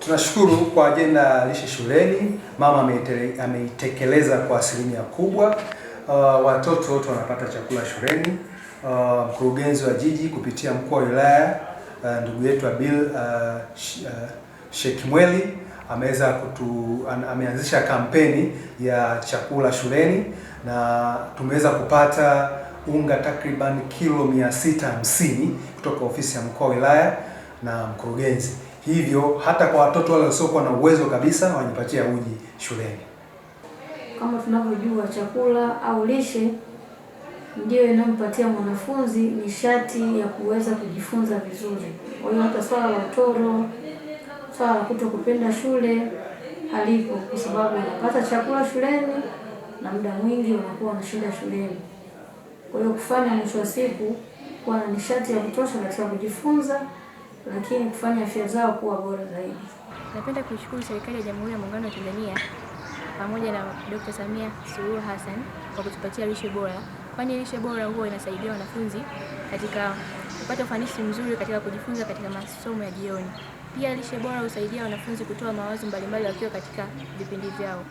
Tunashukuru kwa ajenda ya lishe shuleni, mama ameitekeleza kwa asilimia kubwa. Uh, watoto wote wanapata chakula shuleni. Uh, mkurugenzi wa jiji kupitia mkuu wa wilaya uh, ndugu yetu Abil uh, sh, uh, Shekimweli ameweza kutu ameanzisha kampeni ya chakula shuleni na tumeweza kupata unga takriban kilo 650 kutoka ofisi ya mkuu wa wilaya na mkurugenzi. Hivyo hata kwa watoto wale wasiokuwa na uwezo kabisa wajipatia uji shuleni. Kama tunavyojua chakula au lishe ndiyo inayompatia mwanafunzi nishati ya kuweza kujifunza vizuri. Kwa hiyo hata swala la utoro, swala la kuto kupenda shule halipo, kwa sababu unapata chakula shuleni na muda mwingi unakuwa unashinda shuleni. Kwa hiyo kufanya mwisho wa siku kuwa na nishati ya kutosha katika kujifunza lakini kufanya afya zao kuwa bora zaidi. Napenda kuishukuru serikali ya Jamhuri ya Muungano wa Tanzania pamoja na Dr. Samia Suluhu Hassan kwa kutupatia lishe bora, kwani lishe bora huwa inasaidia wanafunzi katika kupata ufanisi mzuri katika kujifunza katika masomo ya jioni. Pia lishe bora husaidia wanafunzi kutoa mawazo mbalimbali wakiwa katika vipindi vyao.